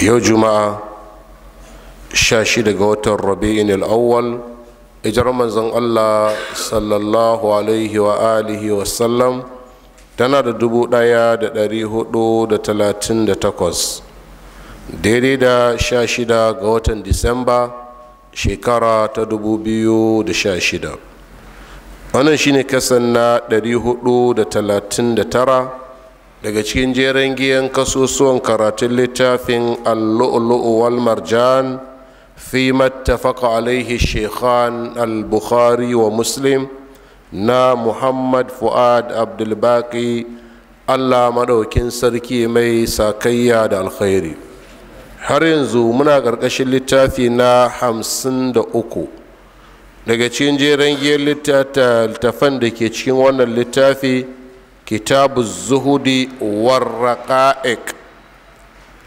yau juma'a sha shida ga watan rabi'in al'awwal ijar manzon allah sallallahu alaihi wa alihi wa sallam tana da dubu daya da dari hudu da talatin da takwas daidai da sha shida ga watan disamba shekara ta dubu biyu da sha shida wannan shine kasan na dari hudu da talatin da tara daga cikin jeren giyan kasusuwan karatun littafin allu'ulu'u wal marjan fi matafaka alaihi shekhan al-bukhari wa muslim na muhammad fu'ad abdulbaki allah maɗaukin sarki mai sakayya da alkhairi har yanzu muna ƙarƙashin littafi na hamsin da uku daga cikin jeren giyan littafan da ke cikin wannan littafi kitabu zuhudi warraƙa'ik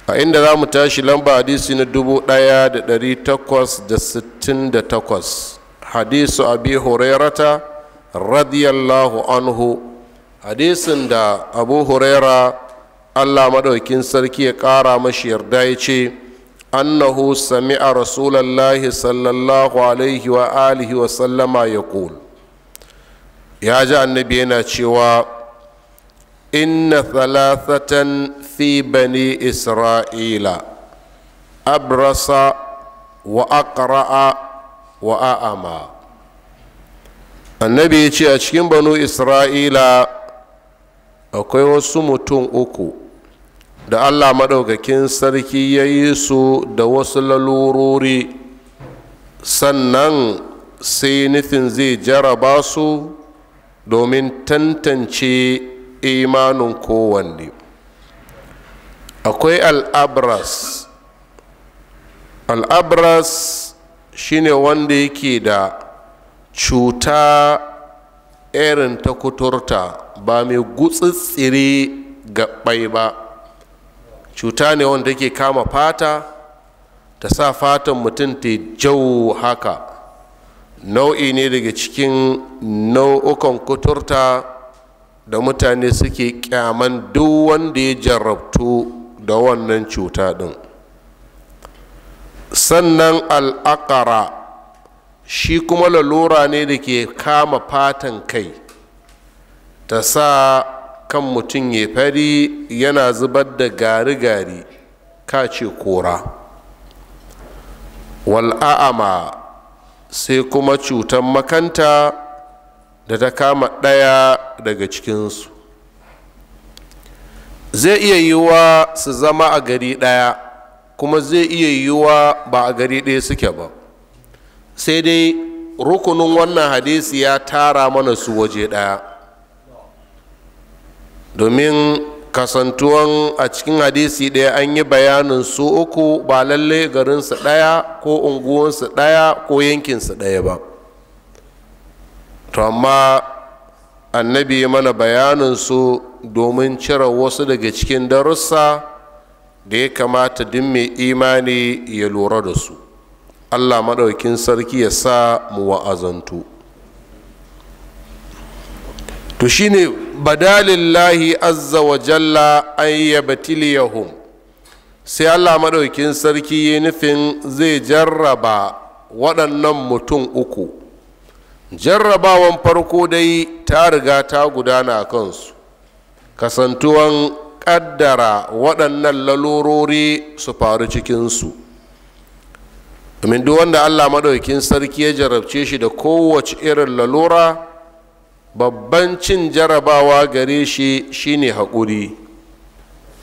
a inda za mu tashi lamba hadisi na 1868 hadisu abi hurairata radiyallahu anhu hadisin da abu huraira allah maɗaukin sarki ya ƙara mashi yarda ya ce annahu sami'a rasulallahi sallallahu alaihi wa alihi wa sallama ya ya ji annabi yana cewa inna thalathatan fi bani isra'ila abrasa wa aqra'a wa a'ama annabi ya ce a cikin banu isra'ila akwai wasu mutum uku da allah maɗaukakin sarki ya yi su da wasu lalurori sannan sai nufin zai jaraba su domin tantance imanin kowanne akwai al'abras al'abras shine wanda yake da cuta irin ta kuturta ba mai gutsitsire gaɓai ba cuta ne wanda yake kama fata ta sa fatan mutum ta jau haka nau'i ne daga cikin nau'ukan kuturta da mutane suke kyaman duk wanda ya jarrabtu da wannan cuta ɗin sannan al'akara shi kuma lalura ne da ke kama fatan kai ta sa kan mutum ya fari yana zubar da gari-gari ka ce kora wal'a'ama sai kuma cutar makanta da ta kama ɗaya daga cikinsu zai iya yiwuwa su zama a gari ɗaya kuma zai iya yiwuwa ba a gari ɗaya suke ba sai dai rukunin wannan hadisi ya tara mana su waje ɗaya domin kasantuwan a cikin hadisi ɗaya an yi bayanin su uku ba lalle garinsu ɗaya ko unguwansu ɗaya ko yankinsu ɗaya ba to amma annabi mana bayanin su domin cire wasu daga cikin darussa da ya kamata din mai imani ya lura da su allah maɗaukin sarki ya sa mu wa'azantu to shi ne badalillahi azza wa jalla an yabatiliyahum sai allah maɗaukin sarki ya nufin zai jarraba waɗannan mutum uku jarrabawan farko dai ta riga ta gudana a kansu kasantuwan ƙaddara waɗannan lalurori su faru cikinsu domin duk wanda allah maɗaukin sarki ya jarabce shi da kowace irin lalura babban cin jarabawa gare shi shine haƙuri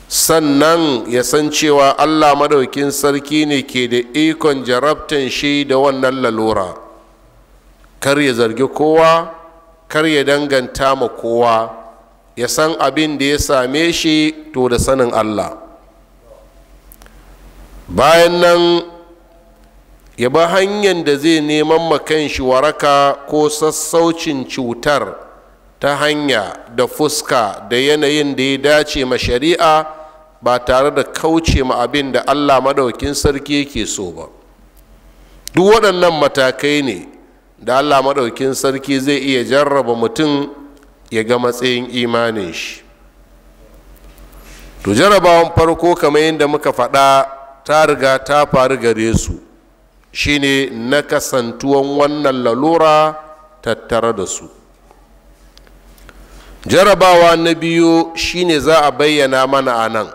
sannan ya san cewa allah maɗaukin sarki ne ke da ikon jarabtan shi da wannan lalura kar ya zargi kowa kar ya danganta ma kowa ya san abin da ya same shi to da sanin allah bayan nan ya ba hanyar da zai neman makan shi waraka ko sassaucin cutar ta hanya da fuska da yanayin da ya dace ma shari'a ba tare da kauce ma abin da allah madaukin sarki yake so ba duk waɗannan matakai ne da allah maɗaukin sarki zai iya jarraba mutum ya ga matsayin imanin shi to jarrabawan farko kamar yadda muka faɗa ta riga ta faru gare su shine na kasantuwan wannan lalura tattare da su jarrabawa na biyu shine za a bayyana mana a nan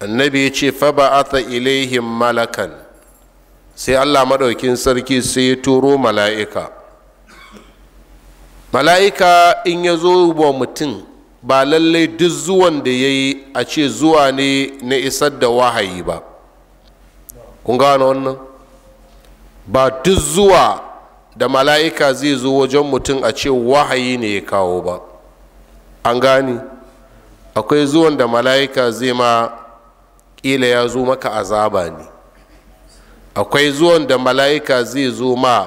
annabi ya ce fa ba'atha ilaihim malakan sai allah maɗaukin sarki sai ya turo mala'ika mala'ika in ya zo wa mutum ba lallai duk zuwan da ya yi a ce zuwa ne na isar da wahayi ba kun gano wannan ba duk zuwa da mala'ika zai zo wajen mutum a ce wahayi ne ya kawo ba an gani akwai zuwan da mala'ika zai ma ƙila ya zo maka azaba ne akwai zuwan da mala'ika zai zo ma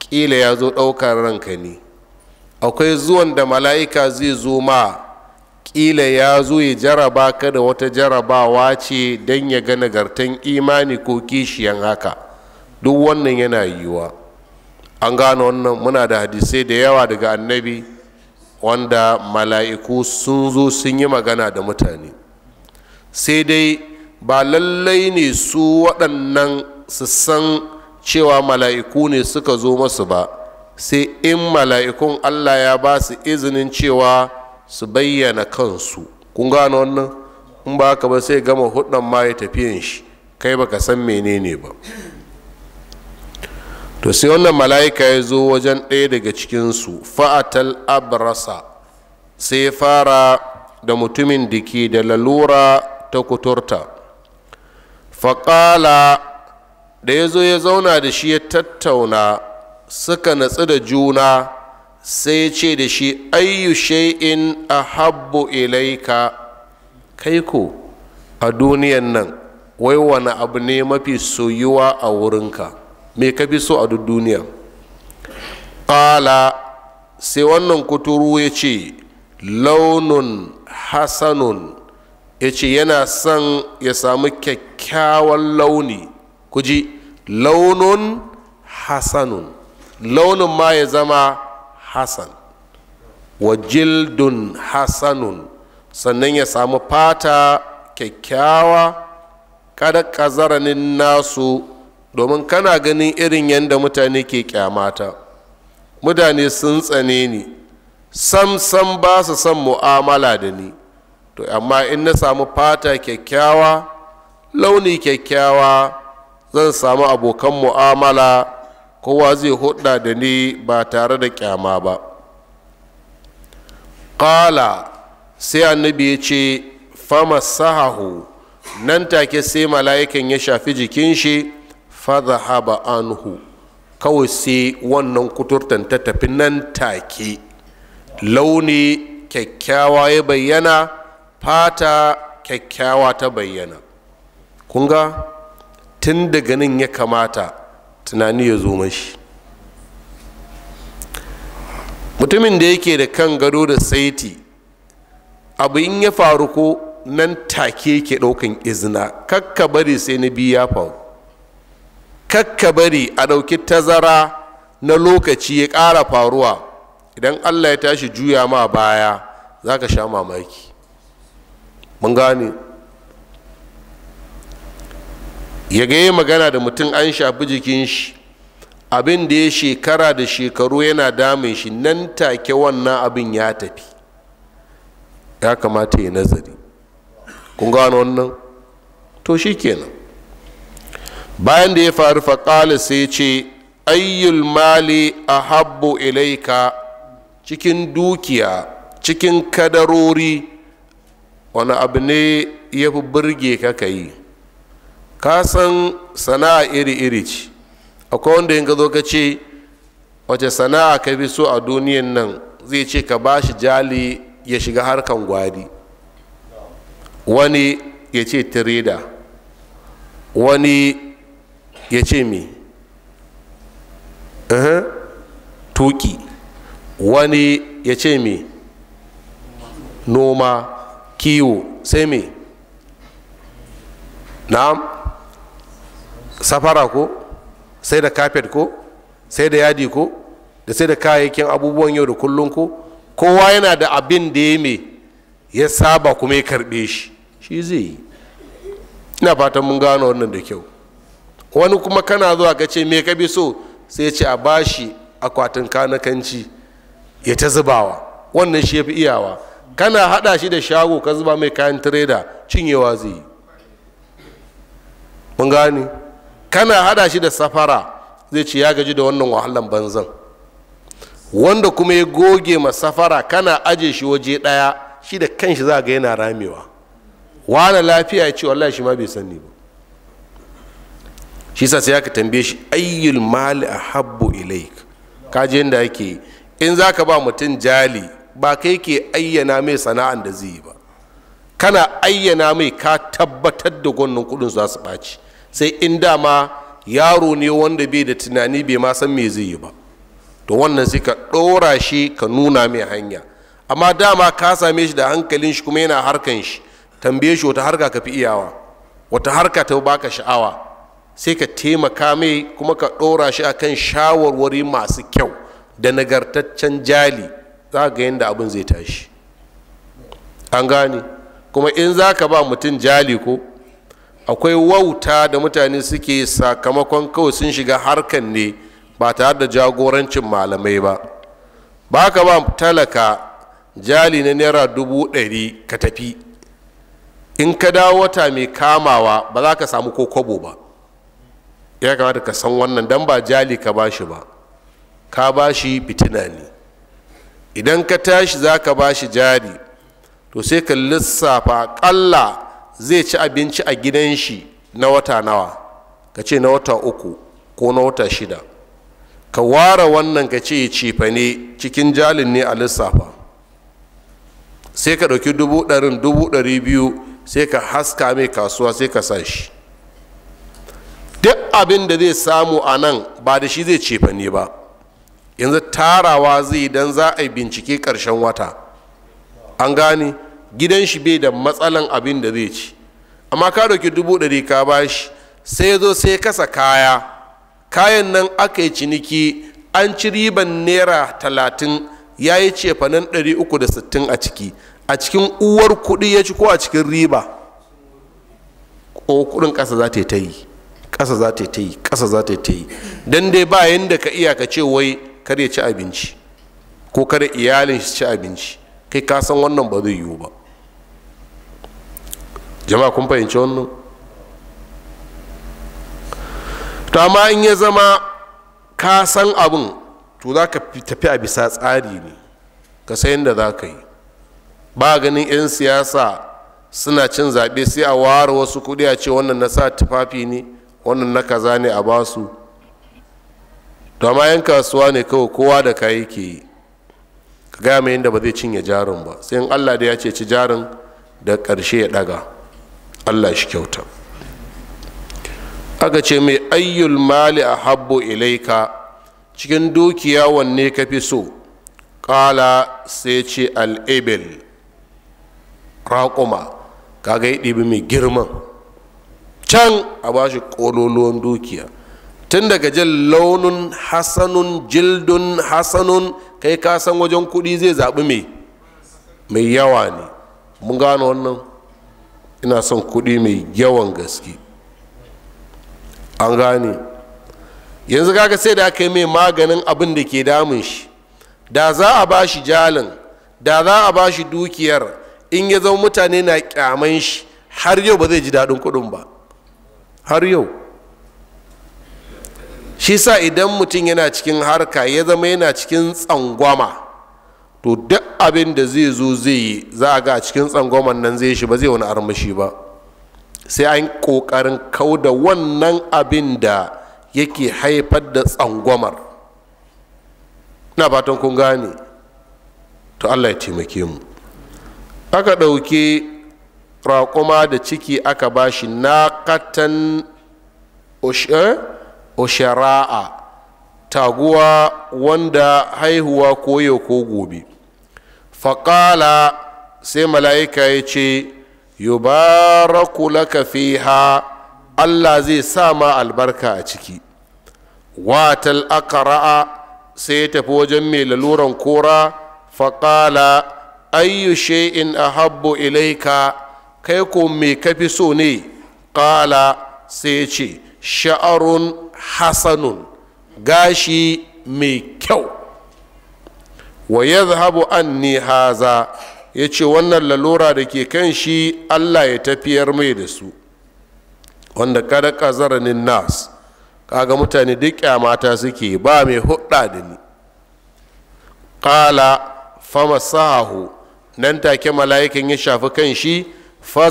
ƙila ya zo ɗaukar ranka ne akwai zuwan da mala'ika zai zo ma ƙila ya zo ya jaraba ka da wata jarabawa ce don ya ga nagartan imani ko kishiyan haka duk wannan yana yiwuwa an gano wannan muna da hadisai da yawa daga annabi wanda mala'iku sun zo sun yi magana da mutane sai dai ba lallai ne su waɗannan su san cewa mala'iku ne suka zo masu ba sai in mala'ikun allah ya ba su izinin cewa su bayyana kansu kun gano wannan in ba ka ba sai gama hudun ma ya tafiyan shi kai ba ka san menene ba to sai wannan mala'ika ya zo wajen ɗaya daga cikinsu fa'atal abrasa sai ya fara da mutumin da ke da lalura ta kuturta faƙala da ya zo ya zauna da shi ya tattauna suka natsu da juna sai ce da shi ayyu shay'in ahabbu ilaika kai ko a duniyan nan wai wani abu ne mafi soyuwa a wurinka me ka fi so a duk duniya ƙala sai wannan kuturu ya ce launin hasanun ya ce yana son ya samu kyakkyawan launi kuji launun hasanun launin ma ya zama hasan wa jildun hasanun sannan ya samu fata kyakkyawa kada kazaranin nasu domin kana ganin irin yadda mutane ke kyamata mutane sun tsane ni sam sam ba su son mu'amala da ni to amma in na samu fata kyakkyawa launi kyakkyawa zan samu abokan mu'amala kowa zai hudda da ni ba tare da kyama ba ƙala sai annabi ya ce fama sahahu nan take sai mala'ikan ya shafi jikin shi fadhahaba anhu kawai sai wannan kuturtan ta tafi nan take launi kyakkyawa ya bayyana fata kyakkyawa ta bayyana kunga tun daga nan ya kamata tunani ya zo mashi mutumin da yake da kan gado da saiti abu in ya faru ko nan take ke ɗaukan izina kakka bari sai na biyu ya faru kakka bari a ɗauki tazara na lokaci ya kara faruwa idan allah ya tashi juya ma baya za ka sha mamaki mun gane ya ga yi magana da mutum an shafi jikin shi abin da ya shekara da shekaru yana damun shi nan take wannan abin ya tafi ya kamata ya nazari kun gano wannan to shi kenan bayan da ya faru faƙali sai ce ayyul mali a habbo ilaika cikin dukiya cikin kadarori wani abu ne ya fi burge ka ka yi ka san sana'a iri-iri ce akwai wanda yin gazo ka ce wace sana'a ka fi so a duniyan nan zai ce ka ba shi jali ya shiga harkan gwari wani ya ce tireda wani ya ce me tuki wani ya ce me noma kiwo sai me na'am safara ko sai da kafet ko sai da yadi ko da sai da kayayyakin abubuwan yau da kullum ko kowa yana da abin da ya me ya saba kuma ya karɓe shi shi zai yi ina fatan mun gano wannan da kyau wani kuma kana zuwa ka ce me ka bi so sai ce a bashi akwatin kanakanci ya ta zubawa wannan shi ya fi iyawa kana hada shi da shago ka zuba mai kayan tireda cinyewa zai yi mun gane kana hada shi da safara zai ce ya gaji da wannan wahalan banzan wanda kuma ya goge ma safara kana aje shi waje daya shi da kanshi za ga yana ramewa wane lafiya ya ce wallahi shi ma bai sani ba shi sa sai aka tambaye shi ayyul mali habbu ilaik ka je inda yake in za ka ba mutum jali ba kai ke ayyana mai sana'an da zai yi ba kana ayyana mai ka tabbatar da gwannan kudin za su ɓaci sai in dama yaro ne wanda bai da tunani bai ma san me zai yi ba to wannan sai ka ɗora shi ka nuna mai hanya amma dama ka same shi da hankalin shi kuma yana harkan shi tambaye shi wata harka ka fi iyawa wata harka ta baka sha'awa sai ka taimaka mai kuma ka ɗora shi a kan shawarwari masu kyau da nagartaccen jali za ga yadda abin zai tashi an gane kuma in za ka ba mutum jali ko akwai wauta da mutane suke sakamakon kawai sun shiga harkan ne ba tare da jagorancin malamai ba ba ka ba talaka jali na naira dubu ɗari ka tafi in ka dawo wata mai kamawa ba za ka samu ko kwabo ba ya kamata ka san wannan don ba jali ka ba shi ba ka ba shi fitina ne idan ka tashi za ka ba shi jari to sai ka lissafa ƙalla zai ci abinci a gidan shi na wata nawa ka ce na wata uku ko na wata shida ka ware wannan ka ce cifa ne cikin jalin ne a lissafa sai ka ɗauki dubu ɗarin dubu ɗari biyu sai ka haska mai kasuwa sai ka sa shi duk abin da zai samu a nan ba da shi zai cifa ne ba yanzu tarawa zai don za a yi bincike ƙarshen wata an gane gidan shi bai da matsalan abin da zai ci amma ka ɗauki dubu ɗari ka bashi sai zo sai kasa kaya kayan nan aka yi ciniki an ci riban naira talatin ya yi cefanen ɗari uku da sittin a ciki a cikin uwar kuɗi ya ci ko a cikin riba ko kuɗin ƙasa za ta yi ta yi ƙasa za ta yi ta yi ƙasa za ta yi ta don dai ba yadda ka iya ka ce wai kar ya ci abinci ko kada iyalin shi ci abinci kai ka san wannan ba zai yiwu ba jama'a kun fahimci wannan to amma in ya zama ka san abin to za ka tafi a bisa tsari ne ka sai inda za ka yi ba ganin 'yan siyasa suna cin zaɓe sai a ware wasu kuɗi a ce wannan na sa tufafi ne wannan na kaza ne a basu to amma 'yan kasuwa ne kawai kowa da yi ke yi ka gaya mai yadda ba zai cinye jarin ba sai in allah da ya ce ci jarin da ƙarshe ya ɗaga allah shi kyauta aka ce mai ayyul mali a habbo ilaika cikin dukiya wanne ka fi so ƙala sai ce al'ibel raƙuma kaga yi ɗibi mai girman can a ba shi ƙololuwan dukiya tun daga jin launin hasanun jildun hasanun kai ka san wajen kuɗi zai zaɓi mai mai yawa ne mun gano wannan ina son kuɗi mai yawan gaske an gane yanzu kaga sai da aka yi mai maganin abin da ke damun shi da za a ba shi jalin da za a ba shi dukiyar in ya zama mutane na kyaman shi har yau ba zai ji daɗin kuɗin ba har yau shi sa idan mutum yana cikin harka ya zama yana cikin tsangwama to duk abin da zai zo zai yi za a ga a cikin tsangwaman nan zai shi ba zai wani armashi ba sai an ƙoƙarin kau da wannan abin da yake haifar da tsangwamar na fatan kun gane to allah ya taimake mu aka ɗauki raƙuma da ciki aka ba shi katan eh, oshara'a taguwa wanda haihuwa koyo ko gobe faƙala sai mala'ika ya ce yubaraku laka fiha allah zai sa ma albarka a ciki watal akara'a sai ya tafi wajen mai laluran kora faƙala ayyu shay'in ahabbu ilaika kai ko me kafi so ne ƙala sai ya ce sha'arun hasanun gashi mai kyau wa an ni haza ya ce wannan lalura da ke kan shi Allah ya tafiyar mai da su wanda kada ni nas kaga mutane duk kyamata suke ba mai hudda da ni fama famasahu nan take mala'ikan ya shafi kan shi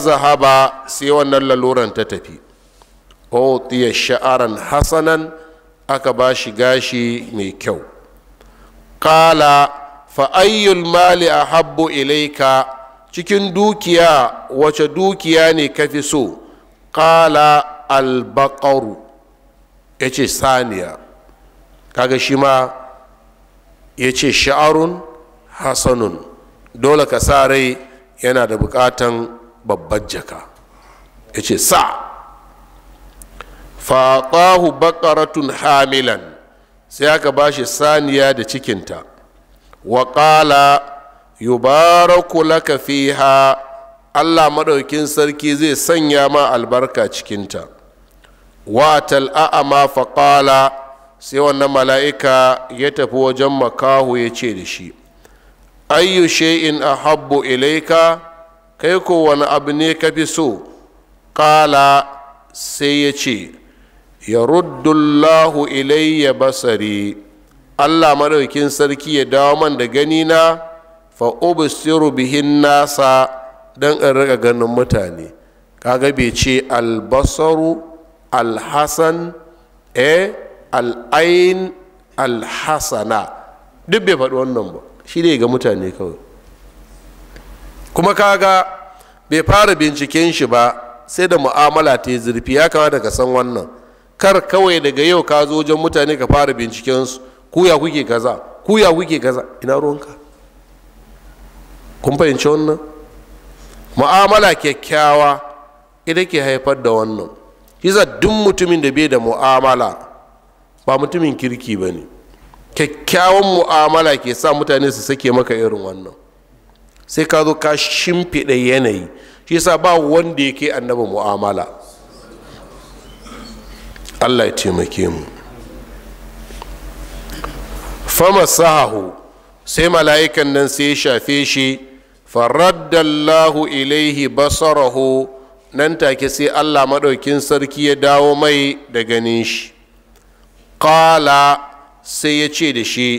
zahaba sai wannan laluran ta tafi o tiya sha'aran hasanan aka ba shi gashi mai kyau kala. fa mali a ahabbu ilaika cikin dukiya wace dukiya ne ka fi so qala albaqaru ya ce saniya kaga shi ma ya ce sha'arun hasanun dole ka sa rai yana da bukatan babbar jaka ya ce sa faƙahu baƙaratun hamilan sai aka ba saniya da cikinta wa ƙala yubaraku laka fiha allah maɗaukin sarki zai sanya ma albarka cikinta wa fa ƙala sai wannan mala'ika ya tafi wajen makahu ya ce da shi ayyu shay'in ahabbu ilaika kai ko wani abu ne ka fi so ƙala sai ya ce ya ruddullahu ilayya basari allah maɗaukin sarki ya dawo man da gani na fa ubsiru bihin nasa don in riga ganin mutane kaga bai ce albasaru alhassan eh al'ain alhassana duk bai faɗi wannan ba shi ne ga mutane kawai kuma kaga bai fara binciken shi ba sai da mu'amala ta yi zurfi ya kamata ka san wannan kar kawai daga yau ka zo wajen mutane ka fara bincikensu ku ya kuke kaza ku kuke kaza ina ruwanka kun fahimci wannan mu'amala kyakkyawa ita ke haifar da wannan isa duk mutumin da bai da mu'amala ba mutumin kirki ba ne kyakkyawan mu'amala ke sa mutane su sake maka irin wannan sai ka zo ka shimfiɗa yanayi shi sa ba wanda yake annaba mu'amala allah ya taimake mu fama sai mala'ikan nan sai ya shafe shi faraddallahu ilaihi basarahu nan take sai allah maɗaukin sarki ya dawo mai da ganin shi ƙala sai ya ce da shi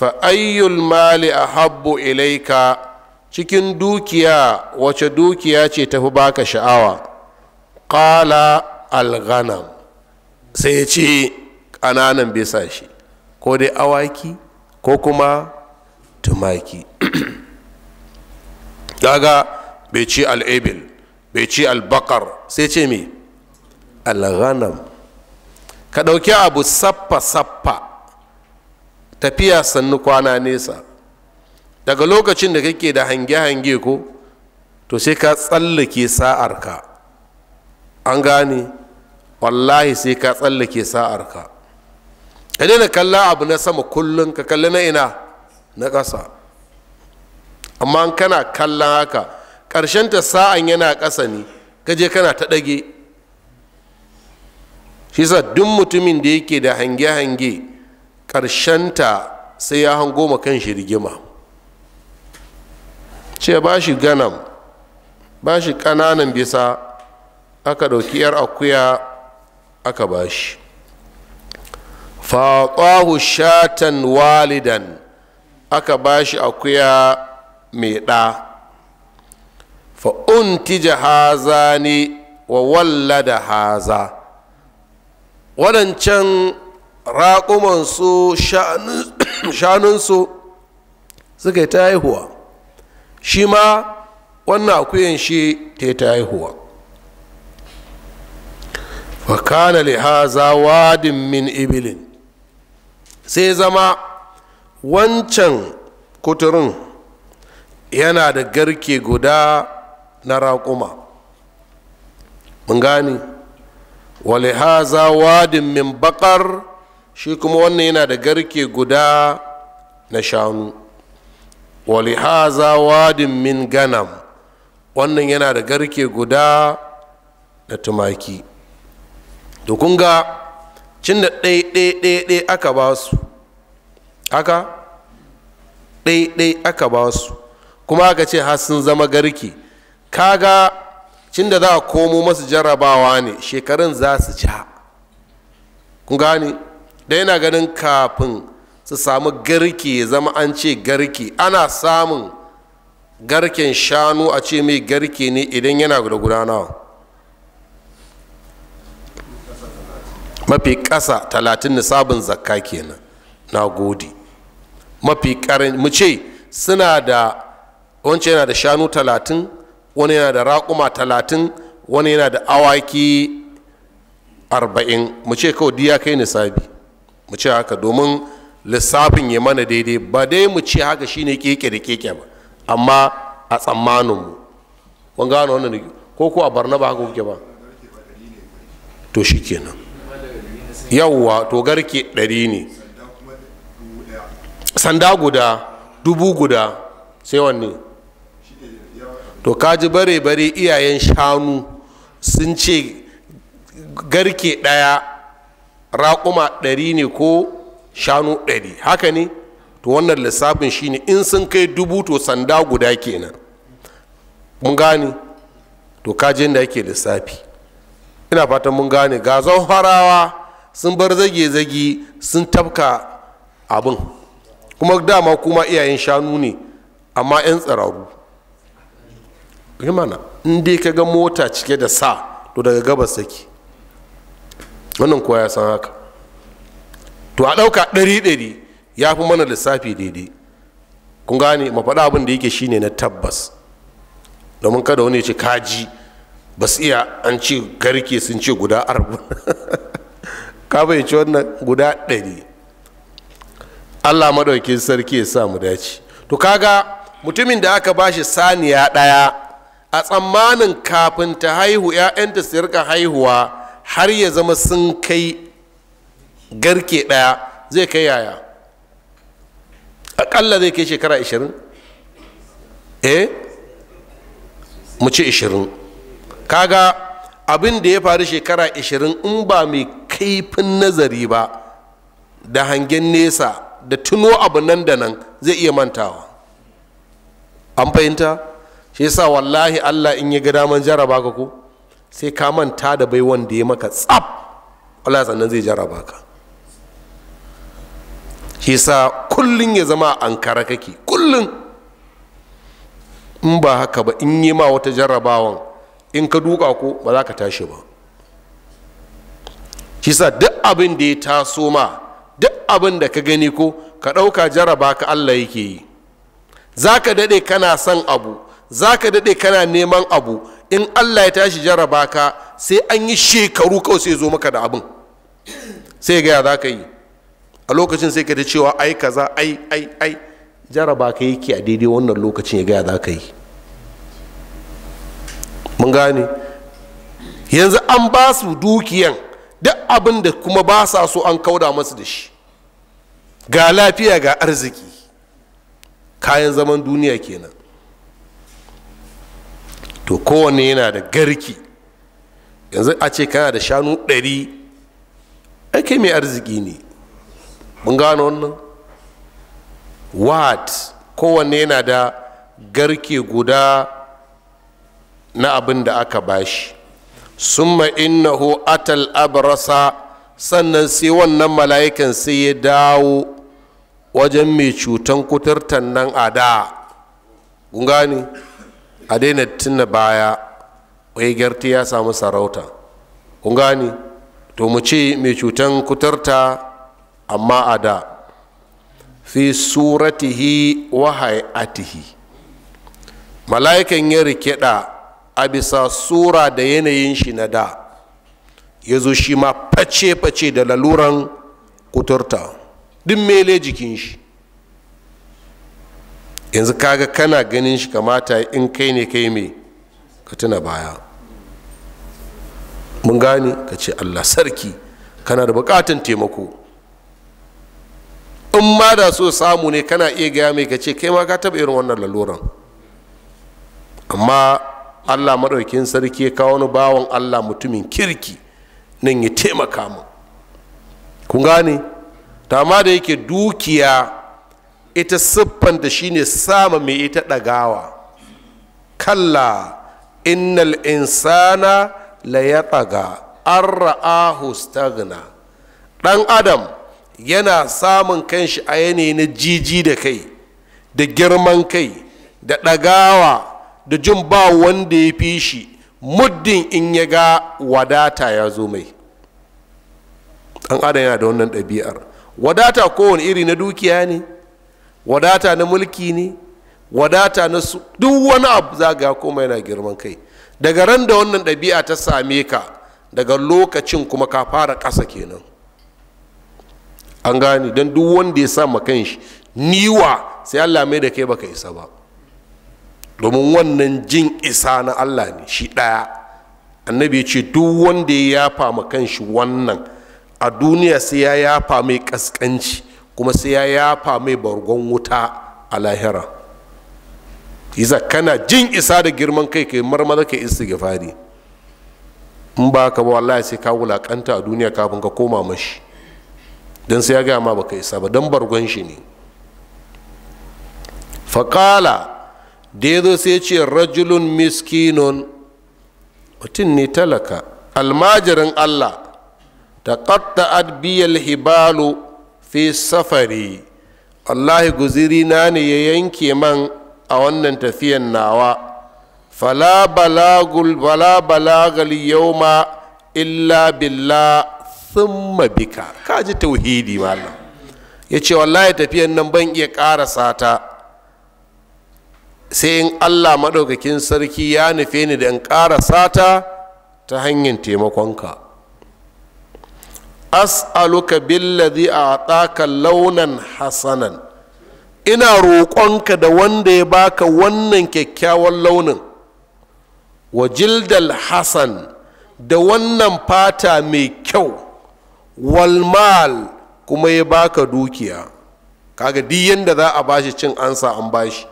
fa'ayyul mali a habbu ilaika cikin dukiya wace dukiya ce tafi baka sha'awa ƙala alghanam sai ya ce ƙananan bisa shi ko dai awaki ko kuma tumaki kaga bai ci al'abil bai ci albakar sai ce me alghanam ka ɗauki abu saffa-saffa tafiya sannu kwana nesa daga lokacin da kake da hange-hange ko to sai ka tsallake sa'arka an gane wallahi sai ka tsallake sa'arka ka daina kalla abu na sama kullum ka kalli na ina na ƙasa amma kana kallon haka ƙarshen ta sa'an yana ƙasa ne ka je kana ta ɗage shi sa duk mutumin da yake da hange-hange ƙarshen ta sai ya hango ma kan shi rigima ce ba shi ganam ba shi ƙananan bisa aka ɗauki 'yar akuya aka ba shi faƙahu shatan walidan aka ba shi akuya mai ɗa fa'untija haza ne wa walla wallada haza waɗancan raƙumansu shanunsu suka yi ta haihuwa shi ma wannan akuyan shi ta yi ta haihuwa fakana haza wadin min ibilin sai zama wancan kuturin yana da garke guda na raƙuma mun gani wale haza wadin min bakar shi kuma wannan yana da garke guda na shanu wale haza wadin min ganam wannan yana da garke guda na tumaki to kunga. cin da ɗai aka ba su haka ɗai aka ba su kuma aka ce har sun zama garki kaga cin da za a komo masu jarrabawa ne shekarun za su ci ha, kun gane da yana ganin kafin su samu garke zama an ce garke ana samun garken shanu a ce mai garki ne idan yana guda gudanawa mafi ƙasa talatin nisabin zakka kenan na gode mafi ƙarin mu ce suna da wancan yana da shanu talatin wani yana da raƙuma talatin wani yana da awaki arba'in mu ce kawai diya kai nisabi mu ce haka domin lissafin ya mana daidai ba dai mu ce haka shine keke da keke ba amma a tsammaninmu kun gano wannan ko ko a barna ba haka kuke ba to shi kenan. yawwa to garke ɗari ne sanda guda dubu guda sai wanne to kaji bare-bare iyayen shanu sun ce garke ɗaya raƙuma ɗari ne ko shanu ɗari haka ne to wannan lissafin shine in sun kai dubu to sanda guda kenan mun gane to kaji yadda ake lissafi ina fatan mun gane ga farawa. sun bar zage-zage sun tafka abin kuma dama kuma iyayen shanu ne amma 'yan tsiraru mana in dai ka ga mota cike da sa to daga gabas take wannan kuwa ya san haka to a ɗauka ɗari-ɗari ya fi mana lissafi daidai kun gane mafaɗa abin da yake shine na tabbas domin kada wani ya ce kaji ba su iya an ce garke sun ce guda arba ka ci wannan guda ɗari allah maɗaukin sarki ya sa mu dace to kaga mutumin da aka bashi saniya ɗaya a tsammanin kafin ta haihu 'ya'yanta su rika haihuwa har ya zama sun kai garke ɗaya zai kai yaya aƙalla zai kai shekara 20 eh mu ce 20 kaga abin da ya faru shekara 20 in ba mai kaifin nazari ba da hangen nesa da tuno abu nan da nan zai iya mantawa an fahimta shi yasa wallahi allah in ya ga daman jaraba ka ko sai ka manta da bai wanda ya maka tsab allah sannan zai jaraba ka shi yasa kullum ya zama ankara kake kullum in ba haka ba in yi ma wata jarrabawan in ka duka ko ba za ka tashi ba Kisa duk abin da ya taso ma duk abin da ka gani ko ka ɗauka jaraba ka allah yake yi za ka daɗe kana son abu za ka daɗe kana neman abu in allah ya tashi jaraba ka sai an yi shekaru kawai sai zo maka da abin sai gaya za ka yi a lokacin sai ka da cewa ai kaza ai ai ai jaraba ka yake a daidai wannan lokacin ya gaya za ka yi mun gane yanzu an ba su dukiyan duk abin da kuma ba sa so an kauda masu da shi ga lafiya ga arziki kayan zaman duniya kenan to kowanne yana da garki yanzu a ce kana da shanu ɗari ake mai arziki ne mun gano wannan wat kowanne yana da garke guda na abin da aka bashi summa innahu atal abrasa sannan sai wannan mala'ikan sai ya dawo wajen mai cutan kuturtan nan a da gungani a daina tunna baya garti ya samu sarauta gungani to mu ce mai cutan kuturta amma a da fi suratihi wa hayatihi mala'ikan ya rikida a bisa sura da yanayin shi na da ya zo shi ma face-face da laluran kuturta duk mele jikin shi yanzu kaga kana ganin shi kamata in kai ne kai mai ka tuna baya mun gane ka ce allah sarki kana da bukatan taimako in ma da so samu ne kana iya gaya mai ka ce kai ma ka taba irin wannan laluran amma allah maɗaukin sarki ya kawo wani bawan allah mutumin kirki nan ya taimaka mu Ku gane ta ma da yake dukiya ita siffan da shine sama mai ita ɗagawa kalla innal insana la ya ɗaga an ra'ahu stagna ɗan adam yana samun kanshi a yanayi na jiji da kai da girman kai da ɗagawa da jin ba wanda ya fi shi muddin in ya ga wadata ya zo mai an adam yana da wannan ɗabi'ar wadata kowane iri na dukiya ne wadata na mulki ne wadata na su duk wani abu za ga koma yana girman kai daga ran da wannan ɗabi'a ta same ka daga lokacin kuma ka fara ƙasa kenan an gane don duk wanda ya sa ma kanshi niwa sai allah mai da kai baka isa ba domin wannan jin isa na allah ne shi ɗaya annabi ce duk wanda ya yafa ma kanshi wannan a duniya sai ya yafa mai kaskanci kuma sai ya yafa mai bargon wuta a lahira iza kana jin isa da girman kai kai marmaza ka istighfari in ba ka ba wallahi sai ka wulakanta a duniya kafin ka koma mashi don sai ya gaya ma baka isa ba don bargon shi ne faƙala da sai ce rajulun miskinun mutum ne talaka almajirin allah ta qatta'at hibalu fi safari allahi guziri na ne ya yanke man a wannan tafiyan nawa fala balagul bala balagal yauma illa billah thumma bika kaji tauhidi Ya ce wallahi tafiyan nan ban iya ƙara sata sai in allah maɗaukakin sarki ya nufe ni da in ƙara sata ta hanyar taimakonka as'aluka billazi a tsaka launan hasanan ina roƙonka da wanda ya baka wannan kyakkyawan launin wa jildal hasan da wannan fata mai kyau walmal kuma ya baka dukiya kaga duk yadda za a bashi cin ansa an bashi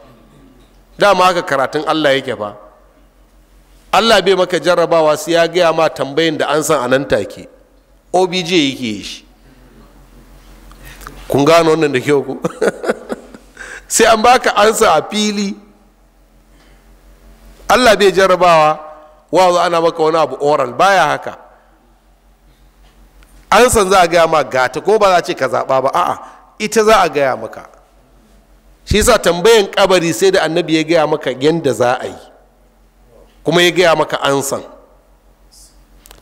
dama haka karatun allah yake fa allah bai maka jarrabawa sai ya gaya ma tambayin da an san a nan take obj yake shi kun gano wannan da kyau ku sai an baka ansa a fili allah bai jarrabawa wazo ana maka wani abu oral baya haka an san za a gaya ma gata ko ba za a ce ka zaɓa ba a'a ita za a gaya maka shi yasa tambayan kabari sai da annabi ya gaya maka yadda za a yi kuma ya gaya maka ansan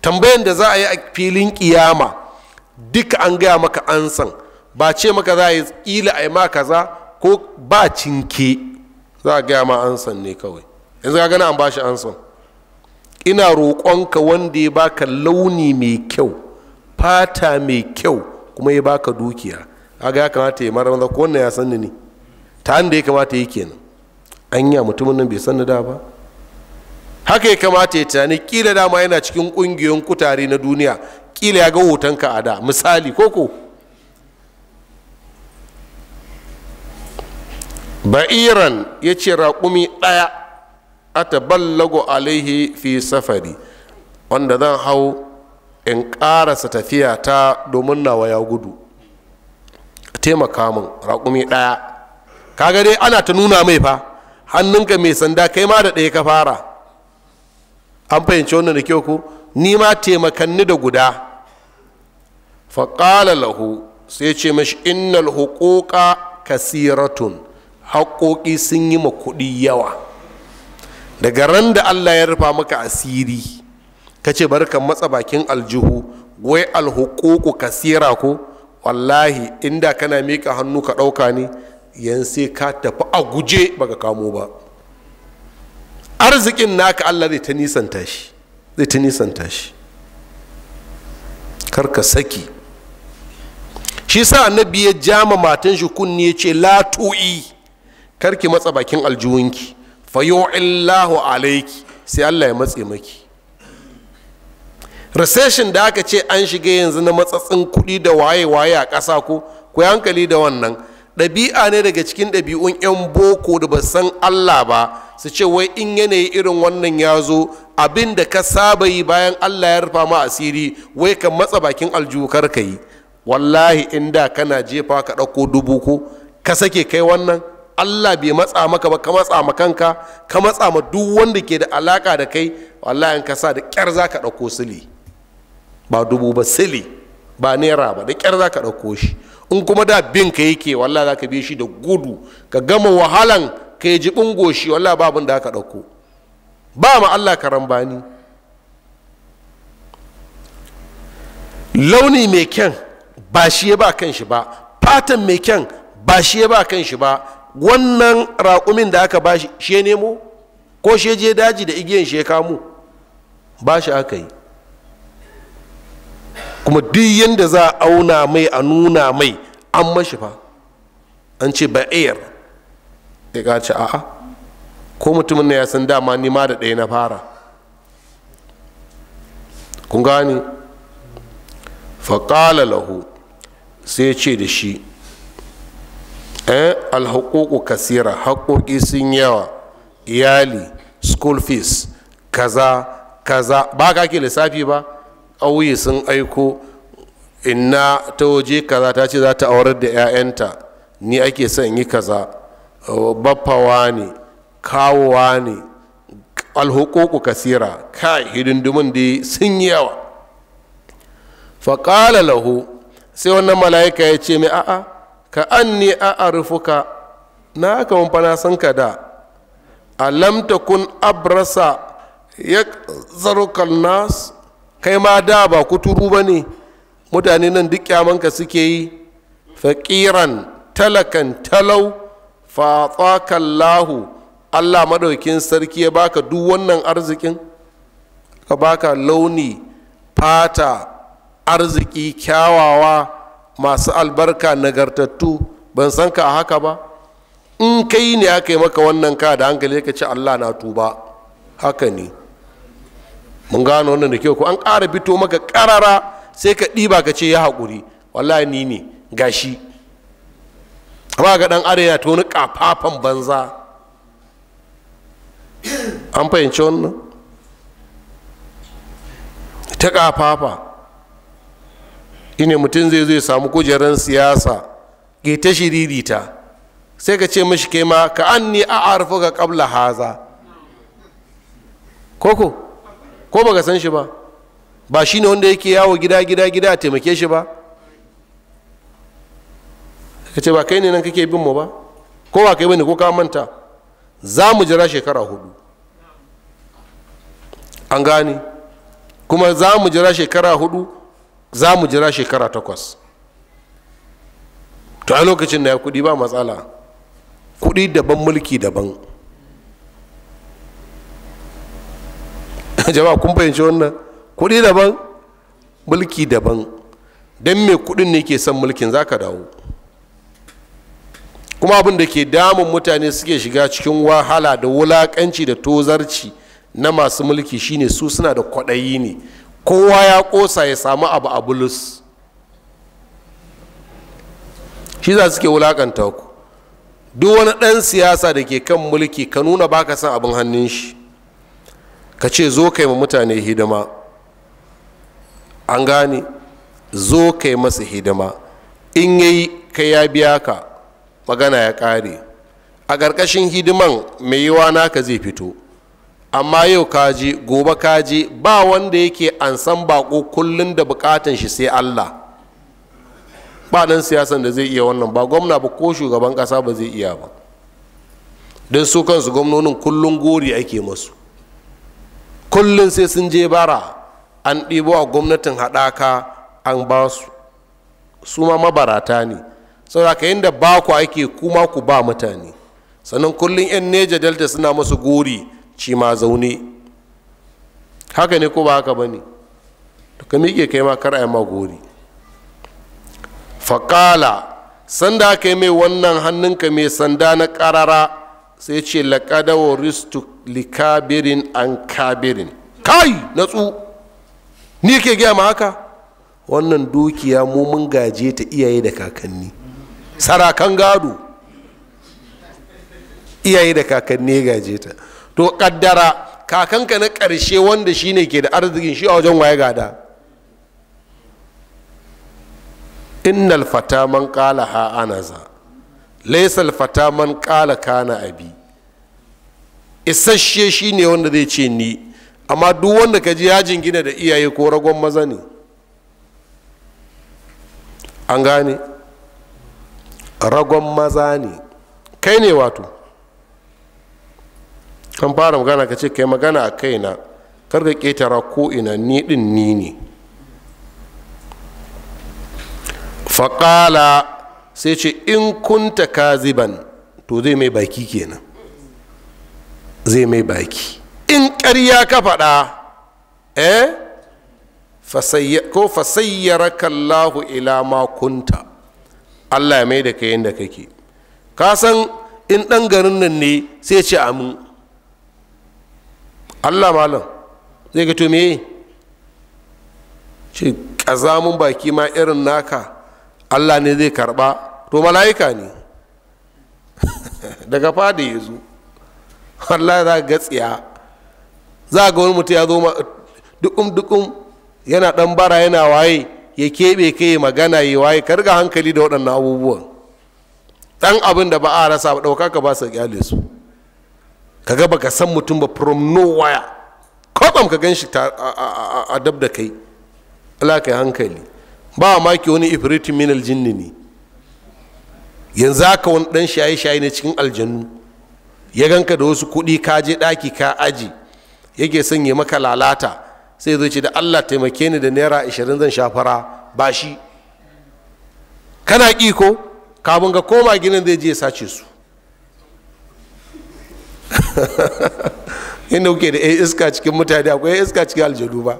tambayan da za a yi a filin kiyama duka an gaya maka ansan ba ce maka za a yi tsila a yi ma kaza ko ba cinke za a gaya ma ansan ne kawai yanzu ka gana an bashi ansan ina roƙonka wanda ya baka launi mai kyau fata mai kyau kuma ya baka dukiya a ga ya kamata ya mara ko wannan ya sanni ne ta da ya kamata yi kenan anya mutumin nan bai san da ba haka ya kamata ya tunani kila dama yana cikin ƙungiyoyin kutare na duniya kila ya ga hotonka a da misali koko ba'iran ya ce raƙumi ɗaya a taballago alaihi fi safari wanda zan hau in ƙarasa tafiya ta domin nawa ya gudu taimaka min raƙumi ɗaya kaga dai ana ta nuna mai fa hannunka mai sanda kai ma da ɗaya ka fara an fahimci wannan da kyau ku ni ma taimakanni da guda faƙala lahu sai ce mashi innal hukuka kasiratun haƙoƙi sun yi ma kuɗi yawa daga ran da allah ya rufa maka asiri ka ce bari matsa bakin aljihu wai alhukuku kasira ko wallahi inda kana miƙa hannu ka ɗauka ni. yan sai ka tafi a guje baka kamo ba arzikin naka allah zai ta nisanta shi zai ta nisanta shi karka saki shi sa annabi ya jama matan shi kunni ya ce latu'i karki matsa bakin aljuwinki fayo illahu alaiki sai allah ya matse maki recession da aka ce an shiga yanzu na matsatsin kudi da waye-waye a ƙasa ko ku hankali da wannan ɗabi'a ne daga cikin ɗabi'un 'yan boko da ba san allah ba su ce wai in yanayi irin wannan ya zo abin da ka saba yi bayan allah ya rufa ma asiri wai ka matsa bakin aljihu kar ka yi wallahi inda kana jefa ka ɗauko dubu ko ka sake kai wannan allah bai matsa maka ba ka matsa ma kanka ka matsa ma duk wanda ke da alaka da kai wallahi in ka sa da ƙyar za ka ɗauko sili ba dubu ba sili ba naira ba da ƙyar za ka ɗauko shi in kuma da bin ka yake walla za ka bi shi da gudu ka gama wahalan ka yi jibin goshi walla ba abin da aka ɗauko ba ma allah karambani launi mai kyan ba shi ya ba kan shi ba fatan mai kyan ba shi ya ba kan shi ba wannan raƙumin da aka ba shi ya nemo ko shi je daji da igiyan shi ya kamo ba shi aka yi kuma duk yadda za a auna mai a nuna mai an mashi fa an ce ba'ir ya kace a'a ko mutumin na ya san dama ni ma da ɗaya na fara kun gani faƙala lahu sai ce da shi eh alhaƙoƙo kasira haƙoƙi sun yawa iyali school fees kaza kaza ba ka ke lissafi ba ƙauye sun aiko inna ta waje kaza ta ce za ta aurar da 'ya'yanta ni ake son yi kaza baffawa ne kawowa ne alhukuku kasira kai hidindimin da sun yi yawa faƙala lahu sai wannan mala'ika ya ce mai a'a ka an ne a'a rufuka na haka fana san ka da alamta kun abrasa ya zarukan nasu. kai ma da ba kuturu ba ne mutane nan duk kyamanka suke yi faƙiran talakan talau fatsakan lahu allah maɗaukin sarki ya baka duk wannan arzikin ka baka launi fata arziki kyawawa masu albarka nagartattu ban san ka haka ba in kai ne aka yi maka wannan ka da hankali ka ci allah na tuba haka ne mun gano wannan da kyau ko an ƙara fito maka ƙarara sai ka ɗiba ka ce ya haƙuri wallahi ni ne gashi amma ga ɗan arewa ta wani ƙafafan banza an fahimci wannan ta ƙafafa ine mutum zai zai samu kujerar siyasa ke ta shiririta sai ka ce mashi kai ma ka an ni a arfuka ƙabla haza koko ko ba san shi ba ba shi ne wanda yake yawo gida gida gida a taimake shi ba ka ce ba kai ne nan kake bin mu ba ko ba kai bane ko ka manta za mu jira shekara hudu an gane kuma za mu jira shekara hudu za mu jira shekara takwas to a lokacin da ya kudi ba matsala kudi daban mulki daban jama'a kun fahimci wannan kuɗi daban mulki daban don me kuɗin ne ke son mulkin za ka dawo kuma abin da ke damun mutane suke shiga cikin wahala da wulaƙanci da tozarci na masu mulki shine su suna da kwaɗayi ne kowa ya ƙosa ya samu abu a bulus shi za suke wulaƙanta ku duk wani ɗan siyasa da ke kan mulki ka nuna baka son abin hannun shi ka ce zo kai ma mutane hidima an gane zo kai masu hidima in yayi kai ya biya ka magana ya kare a ƙarƙashin hidiman mai yiwa naka zai fito amma yau kaji gobe kaji ba wanda yake ansan bako kullum da bukatan shi sai allah ba nan siyasan da zai iya wannan ba gwamna ba ko shugaban kasa ba zai iya ba don su kansu gwamnonin kullum gori ake masu kullum sai sun je bara an ɗibo a gwamnatin haɗaka an ba su su ma mabarata ne saboda ka yadda ba ku ake kuma ku ba mutane sannan kullum 'yan neja delta suna masu gori ci ma zaune haka ne ko ba haka ba ne to ka miƙe kai ma kar a yi ma gori faƙala sanda ka yi mai wannan hannunka mai sanda na ƙarara sai ce laƙadawa ristu likabirin an kabirin kai natsu ni ke gaya ma haka wannan dukiya mumin mun gaje ta iyaye da kakanni sarakan gado iyaye da kakanni gaje ta to kaddara kakanka na karshe wanda shine ke da arzikin shi a wajen waye gada innal fata man qala ha anaza laisal fata man kala kana abi isasshe shi ne wanda zai ce ni amma duk wanda ka ji yajin gina da iyaye ko ragon maza ne an gane ragon maza ne kai ne wato kan fara magana ka ce kai magana a kaina karka ƙetara ko'ina ni din ni ne faƙala sai ce in kunta kaziban to zai mai baki kenan zai mai baki in ƙarya ka faɗa eh ko fasayyara kallahu ila ma kunta allah ya mai da ka yadda kake ka san in ɗan garin nan ne sai ce amin allah malam zai ga to me ce ƙazamun baki ma irin naka allah ne zai karɓa to mala'ika ne daga fada ya zo Allah za ga tsiya za ga wani mutum ya zo dukum dukum yana dan bara yana waye ya keɓe kai magana ya waye ka riga hankali da waɗannan abubuwan dan abin da ba a rasa ba ɗauka ka ba su kyale su ka gaba baka san mutum ba from nowhere kwatsam ka gan shi a dab da kai Allah ka hankali ba maki wani ifritin minal jinni ne yanzu haka wani ɗan shaye-shaye ne cikin aljannu ya ganka da wasu kuɗi ka je ɗaki ka aji yake son ya maka lalata sai zai ce da allah taimake ni da naira ashirin zan shafara ba shi kana ƙi ko kafin ka koma ginin zai je ya sace su inda kuke da yan iska cikin mutane akwai yan iska cikin aljanu ba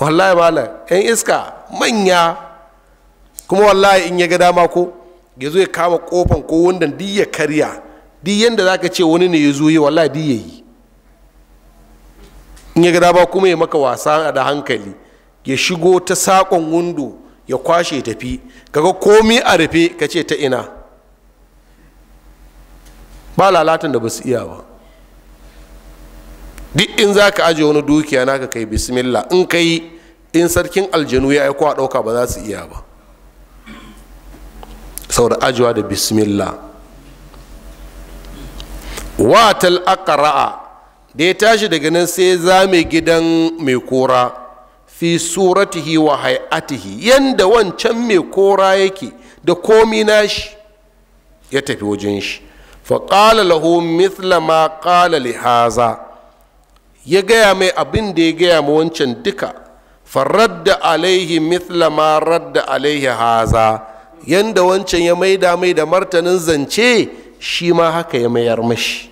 wallahi malam yan iska manya kuma wallahi in ya ga dama ko ya zo ya kama kofan ko wanda duk ya karya duk yanda za ka ce wani ne ya zo yi wallahi duk ya yi in ya gada ba kuma ya maka wasa da hankali ya shigo ta sakon wundo ya kwashe tafi kaga komi a rufe ka ce ta ina ba lalatan da ba su iya ba duk in za ka ajiye wani dukiya naka kai bismillah in ka in sarkin aljanu ya aiko a ɗauka ba za su iya ba saboda ajiwa da bismillah watal aqra'a da ya tashi daga nan sai zame gidan mai kora fi suratihi wa hay'atihi yanda wancan mai kora yake da komi nashi ya tafi wajen shi faƙala lahu mithla ma ƙala lihaza ya gaya mai abin da ya gaya ma wancan duka faradda alaihi mithla ma radda alaihi haza yanda wancan ya maida mai da martanin zance shi ma haka ya mayar mashi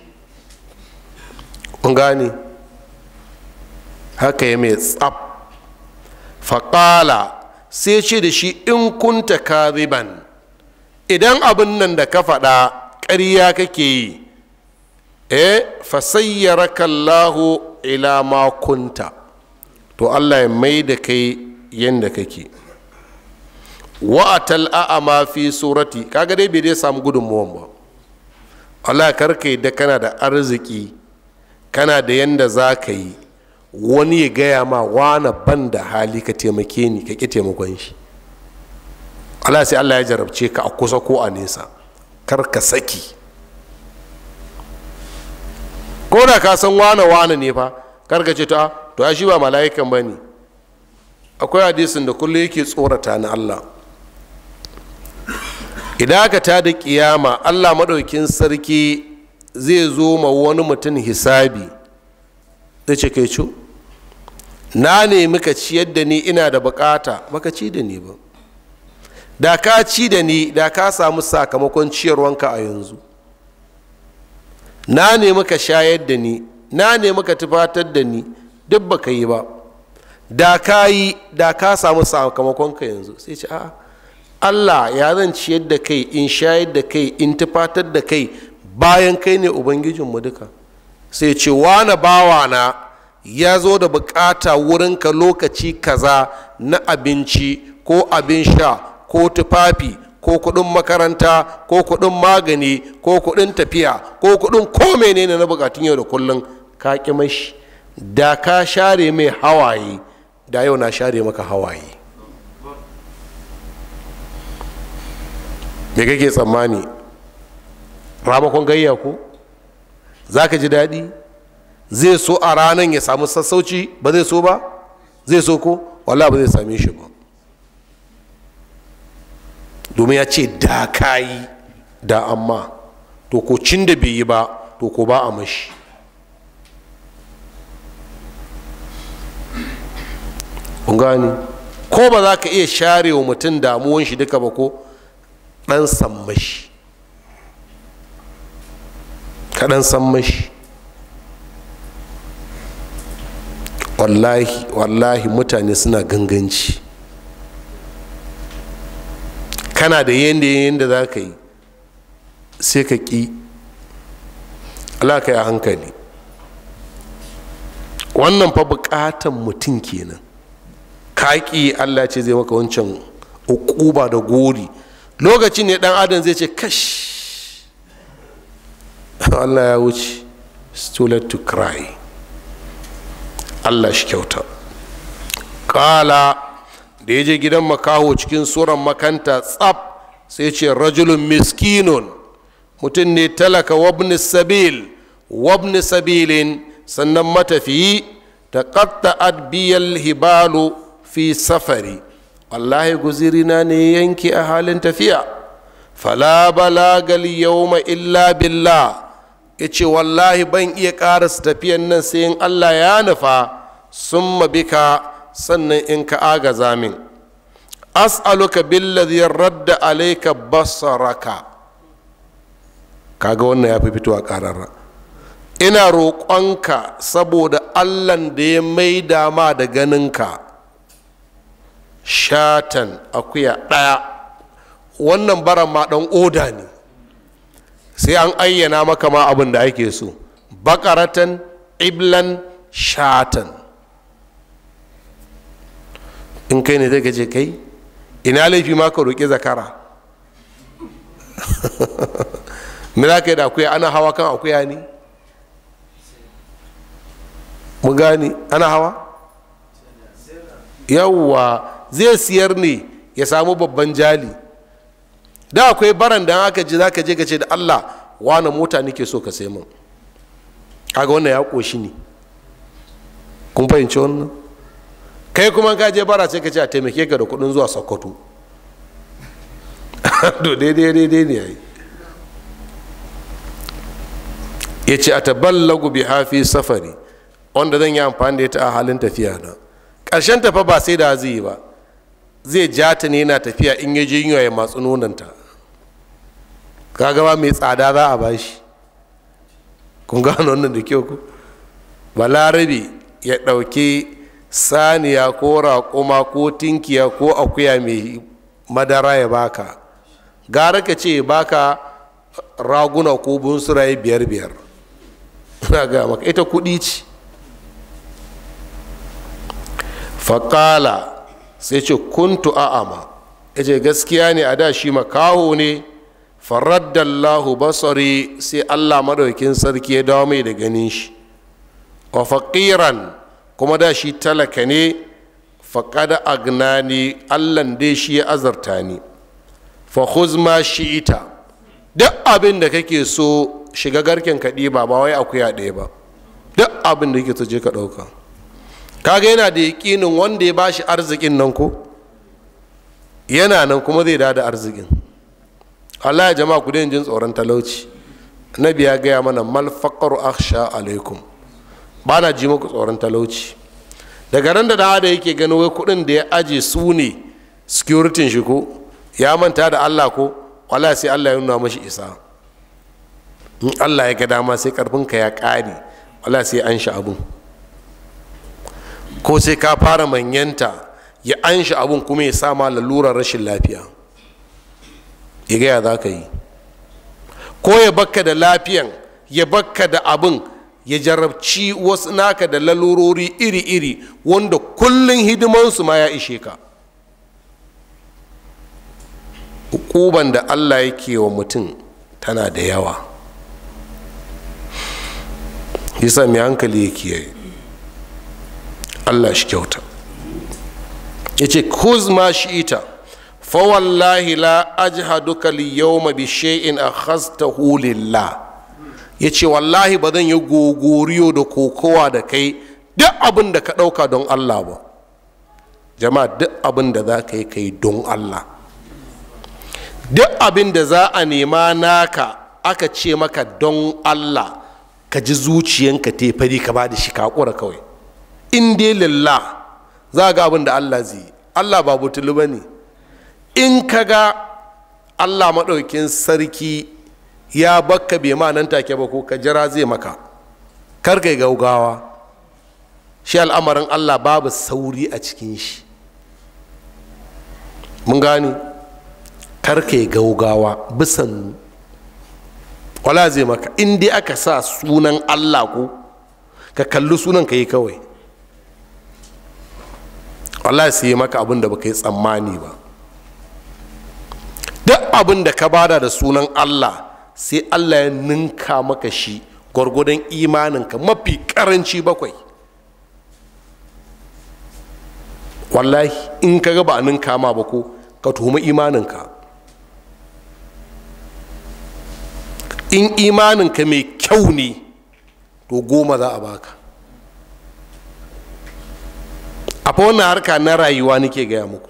kun gane haka ya mai tsab faƙala sai ce da shi in kunta kariban idan abin nan da ka faɗa ƙarya kake yi e eh, fasayyara kallahu ila ma kunta to allah ya mai da kai yanda kake wa'atal ma fi surati kaga dai bai dai samu gudunmuwan ba Allah karka da kana da arziki kana da yanda za ka yi wani ya gaya ma wana ban da hali ka taimake ni ka ƙi taimakon shi Allah sai Allah ya jarabce ka a kusa ko a nesa kar ka saki ko da ka san wana wana ne fa kar ka ce ta to ya ah, shi ba mala'ikan ba ne akwai hadisin da kullum yake tsorata na Allah idan aka ta da kiyama allah maɗaukin sarki zai zo ma wani mutum hisabi zai ce kai cu na nemi ka ciyar da ni ina da bukata baka ci da ni ba da ka ci da ni da ka samu sakamakon ciyarwanka a yanzu na nemi ka shayar da ni na nemi ka tufatar da ni duk baka yi ba da ka yi da ka samu sakamakonka yanzu sai ce a'a allah ya zan ciyar da kai in shayar da kai in tufatar da kai bayan kai ne ubangijinmu duka sai ce na bawa na ya zo da bukata wurinka lokaci kaza na abinci ko abin sha ko tufafi ko kudin makaranta ko kudin magani ko kudin tafiya ko kudin ko menene na bukatun yau da kullum ka mashi da ka share mai hawaye da yau na share maka hawaye me kake tsammani ramakon gayya ko za ka ji daɗi zai so a ranar ya samu sassauci ba zai so ba zai so ko wala ba zai same shi ba domin ya ce da kayi da amma to ko cin da bai yi ba to ko ba a mashi ko ba za ka iya share wa mutum damuwan shi duka ba ko ɗan sammashi ka sammashi wallahi wallahi mutane suna ganganci kana da yadda yadda za ka yi sai ka ƙi alaka ya hankali wannan fa buƙatan mutum kenan ka ƙi allah ce zai maka wancan uƙuba da gori lokacin ne dan adam zai ce kash allah ya wuce stolen to cry allah shi kyauta kala da ya je gidan makaho cikin tsoron makanta tsab sai ce rajulun miskinun mutum ne talaka wabni sabil wabni sabilin sannan matafiyi ta qatta'at biyal hibalu fi safari wallahi guzirina ne yanki a halin tafiya fala balagal yawma illa billah yace wallahi ban iya karasa tafiyan nan sai in allah ya nufa sun bika sannan in ka agaza min as'aluka billadhi radda alayka basaraka kaga wannan ya fi fitowa ƙararra ina roƙonka saboda allan da ya maida ma da ganinka shatan akuya ɗaya wannan baran ma ɗan oda ne sai an ayyana maka ma abin da ake so bakaratan iblan shatan in kai ne zai gaje kai ina laifi ma ka roƙi zakara me za ka yi da akuya ana hawa kan akuya ne mu gani ana hawa yawwa zai siyar ne ya samu babban jali da akwai baran da aka ji za ka je ka ce da allah wani mota nake so ka sai min kaga wannan ya koshi ne kun fahimci wannan kai kuma ka je bara sai ka ce a taimake ka da kuɗin zuwa sokoto to daidai daidai ne yayi ya ce a taballagu bi hafi safari wanda zan yi amfani da ita a halin tafiya na ƙarshen tafa ba sai da zai yi ba zai ja ta ne yana tafiya in ya je yiwa ya nunanta nonanta gagawa mai tsada za a bashi kun gano wannan da kyau ku balarabe ya ɗauki saniya ko raƙuma ko tinkiya ko akuya mai madara ya baka gara ka ce baka raguna ko bunsuraye biyar biyar na ga maka ita kuɗi ce faƙala sai ce kuntu a'ama ce gaskiya ne a da shi makaho ne faraddallahu basari sai Allah maɗaukin sarki ya dawo mai da ganin shi wa faƙiran kuma da shi talaka ne faqad agnani allan dai shi ya azarta ni fa huzma shi ita duk abin da kake so shiga garken kaɗi ba ba wai akuya ɗaya ba duk abin da kake so je ka ɗauka kaga yana da yaƙinin wanda ya ba shi arzikin nan ko yana nan kuma zai da arzikin allah ya jama'a ku jin tsoron talauci nabi ya gaya mana malfakar aksha alaikum ba na ji muku tsoron talauci daga ran da da yake gani wai kuɗin da ya aje su ne sikuritin shi ko ya manta da allah ko wala sai allah ya nuna mashi isa in allah ya ga dama sai karfinka ya ƙare wala sai an sha abun ko sai ka fara manyanta ya an shi abin kuma ya sama lalurar rashin lafiya ya gaya za ka yi ko ya baka da lafiyan ya bakka da abin ya jarabci wasu naka da lalurori iri-iri wanda kullum hidimansu ma ya ishe ka hukuban da allah yake wa mutum tana da yawa yasa sami hankali ya kiyaye allah shi kyauta ya ce kuz ma shi ita fawallahi la ajhaduka liyawma bi shay'in akhastahu lillah ya ce wallahi ba zan yi gogoriyo da kokowa da kai duk abin da ka ɗauka don allah ba jama'a duk abin da za ka yi kai don allah duk abin da za a nema naka aka ce maka don allah ka ji zuciyanka te fari ka ba da shi kakura kawai in dai lillah za ga abin da allah zai allah ba butulu ba ne in ka ga allah maɗaukin sarki ya bakka bai ma nan take ba ko ka jira zai maka kar gaugawa shi al'amarin allah babu sauri a cikin shi mun gane kar gaugawa bisan wala zai maka in dai aka sa sunan allah ko ka kalli sunan ka yi kawai Allah su yi maka abin da baka yi tsammani ba duk abin da ka bada da sunan allah sai allah ya ninka maka shi gwargwadon imaninka mafi karanci bakwai wallahi in ka gaba a ninka ma ba ko ka tuhumi imaninka in imaninka mai kyau ne to goma za a baka a wannan harka na rayuwa nake gaya muku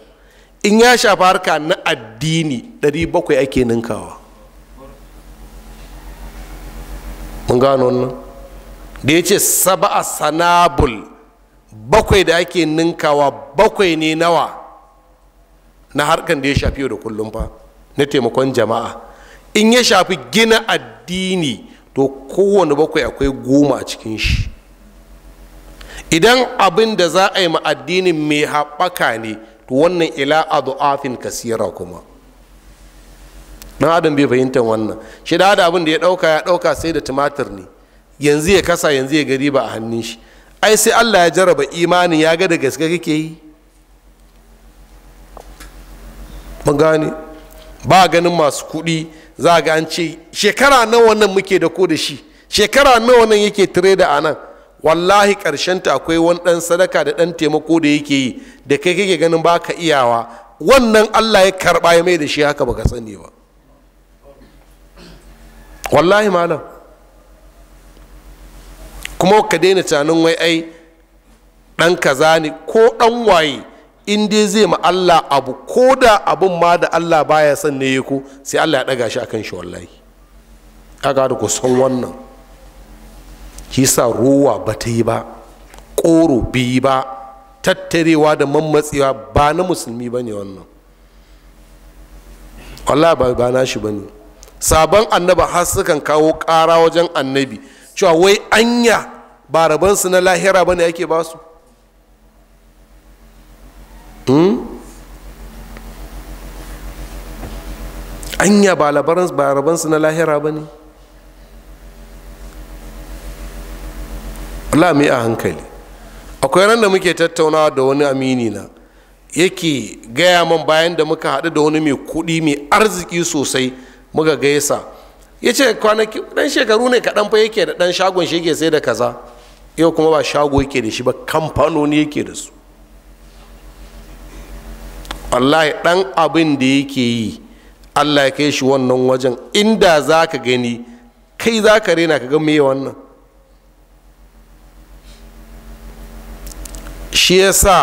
in ya shafi harka na addini 700 ake ninkawa mun gano wannan da ya ce saba'a sanabul bakwai da ake ninkawa bakwai ne nawa na harkan da ya shafi yau da kullum fa na taimakon jama'a in ya shafi gina addini to kowane bakwai akwai goma a cikin shi idan abin da za a yi ma addinin mai haɓaka ne to wannan ila a adu'afin kasira kuma dan adam bai fahimtar wannan shi da abin da ya ɗauka ya ɗauka sai da tumatir ne yanzu ya kasa yanzu ya gari ba a hannun shi ai sai allah ya jaraba imanin ya ga da gaske kake yi mun gane ba ganin masu kuɗi za ga an ce shekara nawa nan muke da ko da shi shekara nawa nan yake tire da a nan wallahi ta akwai wani ɗan sadaka da ɗan taimako da yake yi da kai kake ganin ba ka iyawa wannan allah ya karɓa ya mai da shi haka baka sani ba wallahi malam kuma ka daina tunanin wai ai ɗan kaza ne ko dan waye in dai zai ma allah abu ko da abin ma da allah baya son ne ya ko sai allah ya ɗaga shi akan shi wallahi haka da ku san wannan shi sa ruwa ba ta yi ba ƙoro bai yi ba tattarewa da mammatsewa ba na musulmi ba ne wannan Allah ba ba na shi ba ne sabon annaba har sukan kawo ƙara wajen annabi cewa wai anya ba rabansu na lahira ba ne ake ba su hmm? anya ba rabansu na lahira ba ne lami a hankali akwai ran da muke tattaunawa da wani amini na yake gaya man bayan da muka haɗu da wani mai kuɗi mai arziki sosai muka gaisa ya ce kwanaki ɗan shekaru ne kaɗan fa yake da ɗan shagon shi yake sai da kaza yau kuma ba shago yake da shi ba kamfanoni yake da su wallahi ɗan abin da yake yi allah ya kai shi wannan wajen inda za ka gani kai za ka rena ka ga me wannan shi ya sa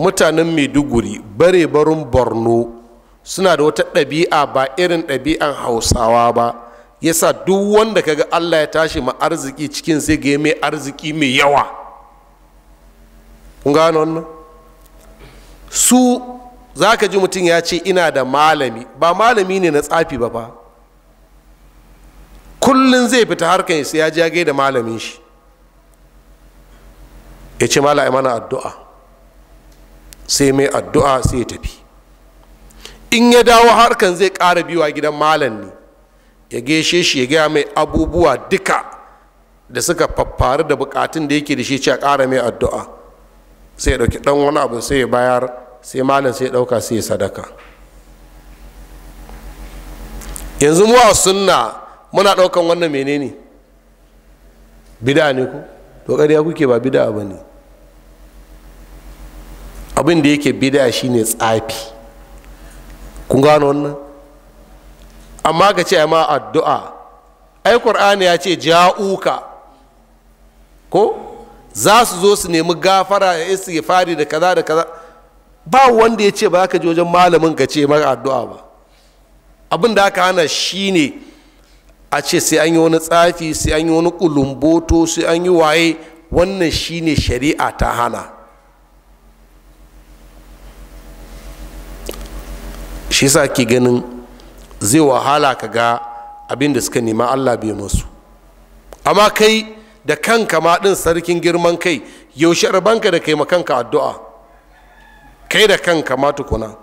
mutanen maiduguri bare barin borno suna da wata ɗabi'a ba irin ɗabi'an hausawa ba ya sa duk wanda kaga allah ya tashi ma arziki cikin zai ga mai arziki mai yawa kun gano wannan su za ka ji mutum ya ce ina da malami ba malami ne na tsafi ba ba kullum zai fita harkar sai ya je da malamin shi ya ce mala mana addu'a sai mai addu'a sai ya tafi in ya dawo harkan zai ƙara biyuwa gidan malam ne ya gaishe shi ya gaya mai abubuwa duka da suka faffaru da bukatun da yake da shi a ƙara mai addu'a sai ya ɗauki ɗan wani abu sai ya bayar sai malam sai ya ɗauka sai ya sadaka yanzu mu a sunna muna ɗaukan wannan menene bida ne ku to ƙarya kuke ba bida ba ne abin da yake bida shine tsafi kun gano wannan amma ka ce ma addu'a ai qur'ani ya ce ja'uka ko za su zo su nemi gafara ya fari da kaza da kaza ba wanda ya ce ba ka je wajen malamin ka ce mara addu'a ba abin da aka hana shi ne a ce sai an yi wani tsafi sai an yi wani kulumboto sai an yi waye wannan shi ne shari'a ta hana shi sa ke ganin zai wahala ka ga abin da suka nema allah bai masu amma kai da kanka ma din sarkin girman kai yaushe rabanka da kai makanka addu'a kai da kanka ma tukuna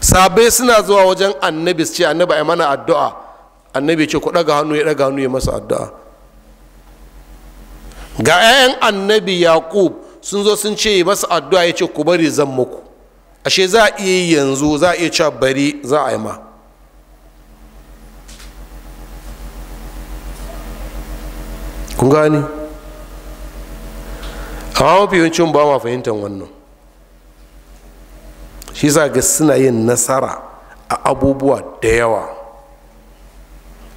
sabai suna zuwa wajen annabi ce annabi ya mana addu'a annabi ce ku ɗaga hannu ya ɗaga hannu ya masa addu'a ga 'ya'yan annabi yaqub sun zo sun ce masa addu'a ya ce ku bari zan muku ashe za a iya yanzu za a iya cewa bari za a yi ma kun gani amma mafi yawancin ba ma fahimtar wannan shi za ga suna yin nasara a abubuwa da yawa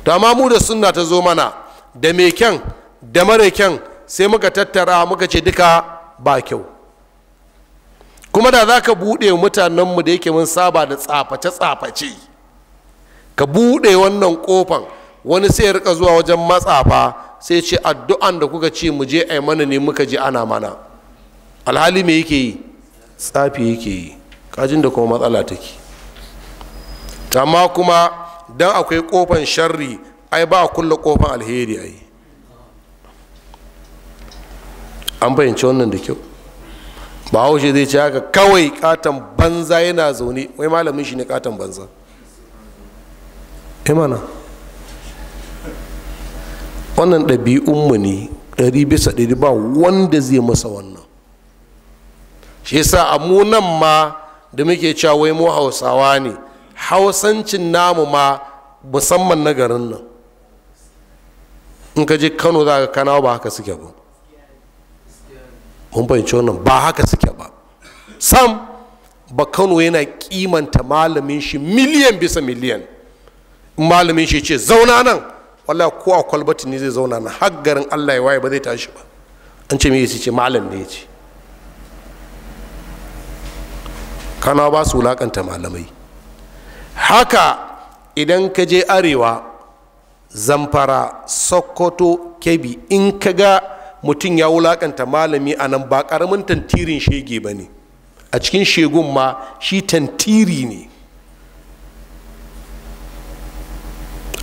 dama mu da suna ta zo mana da mai kyan da mara kyan sai muka tattara muka ce duka ba kyau kuma da za ka buɗe mutanenmu da yake mun saba da tsaface-tsaface ka buɗe wannan ƙofan wani sai rika zuwa wajen matsafa sai ce addu'an da kuka ce mu je ai mana ne muka je ana mana alhali me yake yi tsafi yake yi kajin da kuma matsala take amma kuma dan akwai ƙofan sharri ai ba a kulle ƙofan alheri ai an fahimci wannan da kyau ba bahaushe zai ce haka kawai katon banza yana zaune wai malamin shi ne katon banza imana eh wannan mu ne ɗari bisa ɗari ba wanda zai masa wannan shi yasa a mu nan ma da muke cewa wai mu hausawa ne hausancin namu ma musamman na garin nan in ka je kano za ka kanawa ba haka suke ba mun fahimci wannan ba haka suke ba sam ba kano yana kimanta malamin shi miliyan bisa miliyan malamin shi ce zauna nan wala ko a kwalbati ne zai zauna na har garin allah ya waye ba zai tashi ba an ce me ce malam ne ce kana ba su wulakanta malamai haka idan ka je arewa zamfara sokoto kebi in ka ga mutum ya wulaƙanta malami a nan ba ƙaramin tantirin shege ba ne a cikin shegun ma shi tantiri ne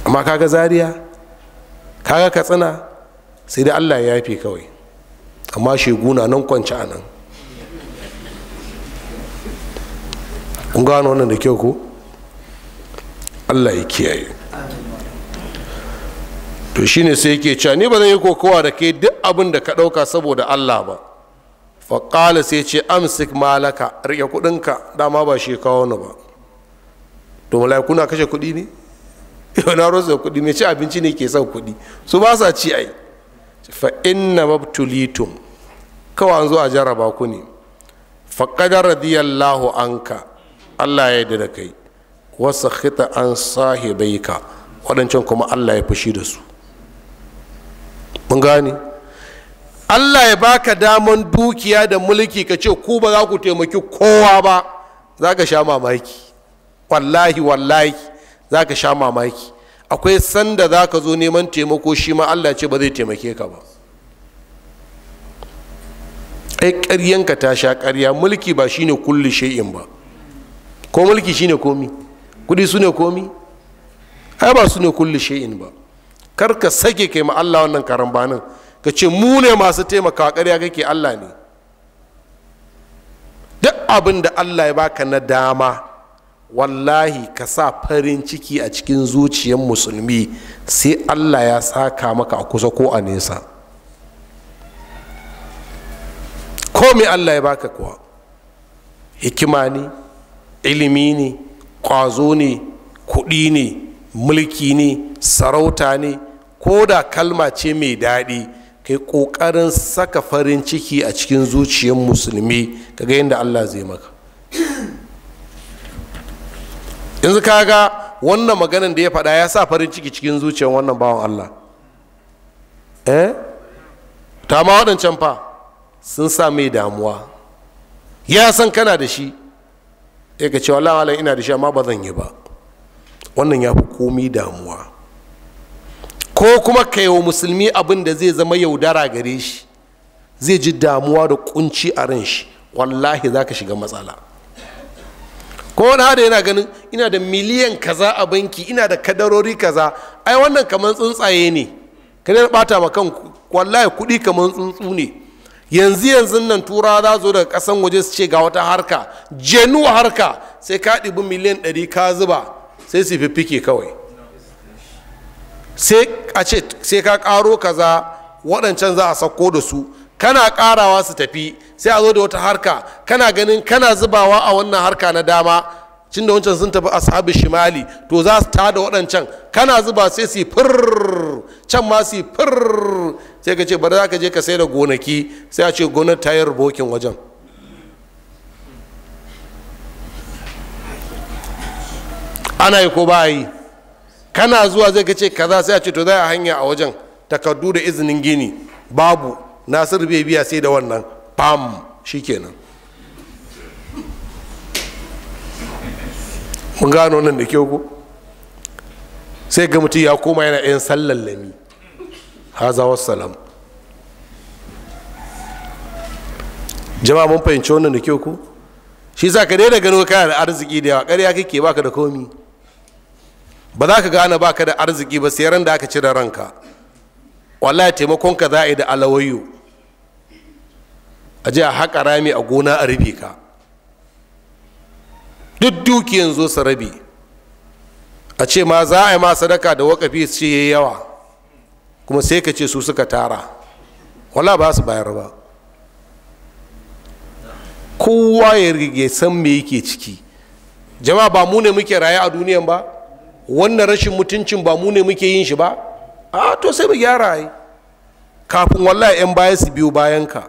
amma kaga zariya kaga katsina sai da allah ya yafe kawai amma sheguna nan kwanci a nan gano wannan da kyau ko allah ya kiyaye to shine sai yake cewa ni ba zan yi kokowa da kai duk abin da ka ɗauka saboda Allah ba faƙala sai ce amsik malaka rike kuɗinka dama ba shi kawo ni ba to mala'iku na kashe kuɗi ne yau na rosa kuɗi mai ci abinci ne ke son kuɗi su ba sa ci ai fa inna mabtulitum kawai an zo a jaraba ku ne faƙadar radiyallahu anka Allah ya yarda da kai wasu khita an sahibai ka waɗancan kuma Allah ya fushi da su mun gane allah ya baka daman dukiya da mulki ka ce ku ba za ku taimaki kowa ba za ka sha mamaki wallahi wallahi za ka sha mamaki akwai sanda za ka zo neman taimako shi ma allah ce ba zai taimake ka ba ai karyanka ta sha karya mulki ba shine kulli shay'in ba ko mulki shine komi kudi su ne komi ai ba su ne kulli shay'in ba kar ka sake kai ma Allah wannan banin ka ce mu ne masu taimaka ƙarya kake Allah ne duk abin da Allah ya baka na dama wallahi ka sa farin ciki a cikin zuciyar musulmi sai Allah ya saka maka a kusa ko a nesa ko me Allah ya baka kuwa hikima ne ilimi ne ƙwazo ne kuɗi ne mulki ne sarauta ne ko da kalma ce mai daɗi kai ƙoƙarin saka farin ciki a cikin zuciyar musulmi kaga yadda allah zai maka yanzu kaga wannan maganin da ya faɗa ya sa farin ciki cikin zuciyar wannan bawan allah eh ta ma waɗancan fa sun sa mai damuwa ya san kana da shi ya ka ce wala ina da shi amma ba zan yi ba wannan ya fi komi damuwa ko kuma ka yi wa musulmi abin da zai zama yaudara gare shi zai ji damuwa da kunci a ran shi wallahi za ka shiga matsala ko wani hada yana ganin ina da miliyan kaza a banki ina da kadarori kaza ai wannan kamar tsuntsaye ne ka ne bata ma kan wallahi kuɗi kamar tsuntsu ne yanzu yanzu nan tura za zo daga kasan waje su ce ga wata harka jenu harka sai ka ɗibi miliyan ɗari ka zuba sai su fiffike kawai sai a ce sai ka ƙaro kaza waɗancan za a sauko da su kana karawa su tafi sai a zo da wata harka kana ganin kana zubawa a wannan harka na dama cin da wancan sun tafi ashabi shimali to za su tada waɗancan kana zuba sai su fir can ma su fir sai ka ce bari za ka je ka sai da gonaki sai a ce gonar tayar bokin wajen ana yi ko ba yi kana zuwa zai ka ce kaza sai a ce to za a hanya a wajen takardu da izinin gini babu nasiru bai biya sai da wannan pam shikenan mun gano nan da kyau ko sai ga mutum ya koma yana yan sallan lami haza wassalam jama'a mun fahimci wannan da kyau ko shi za ka daina gano kayan da arziki da yawa ƙarya kake baka da komi ba za ka gane ba ka da arziki ba sai ran da aka ci da ranka wallahi taimakon ka za a yi da alawayo a je a haƙa rami a gona a rufe ka duk dukiyan zo su rabi a ce ma za a yi ma sadaka da wakafi su ce yawa kuma sai ka ce su suka tara wala ba su bayar ba kowa ya san me yake ciki jama'a ba mu ne muke raye a duniyan ba wannan rashin mutuncin ba mu ne muke yin shi ba a to sai mu gyara ai kafin wallahi 'yan baya su biyo bayanka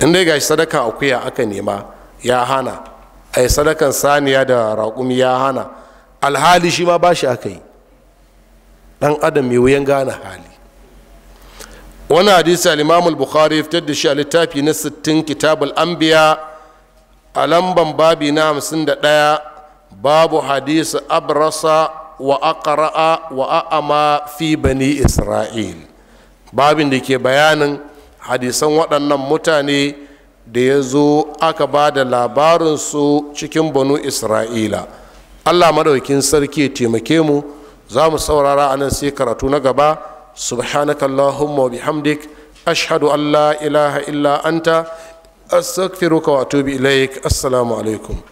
in dai gashi sadaka akuya aka nema ya hana yi sadakan saniya da raƙumi ya hana alhali shi ma bashi aka yi ɗan adam mai wuyan gane hali wani hadisi al-imam al-bukhari fitar da shi a littafi na 60 kitabul anbiya a lamban babi na hamsin da ɗaya babu hadisi abrasa wa aqra'a wa a'ama fi bani isra'il babin da ke bayanin hadisan waɗannan mutane da ya zo aka ba da labarinsu cikin banu isra'ila allah maɗaukin sarki taimake mu za mu saurara a nan sai karatu na gaba subhanakallahumma wa bihamdik ashhadu an ilaha illa anta astaghfiruka wa atubu ilaik assalamu alaikum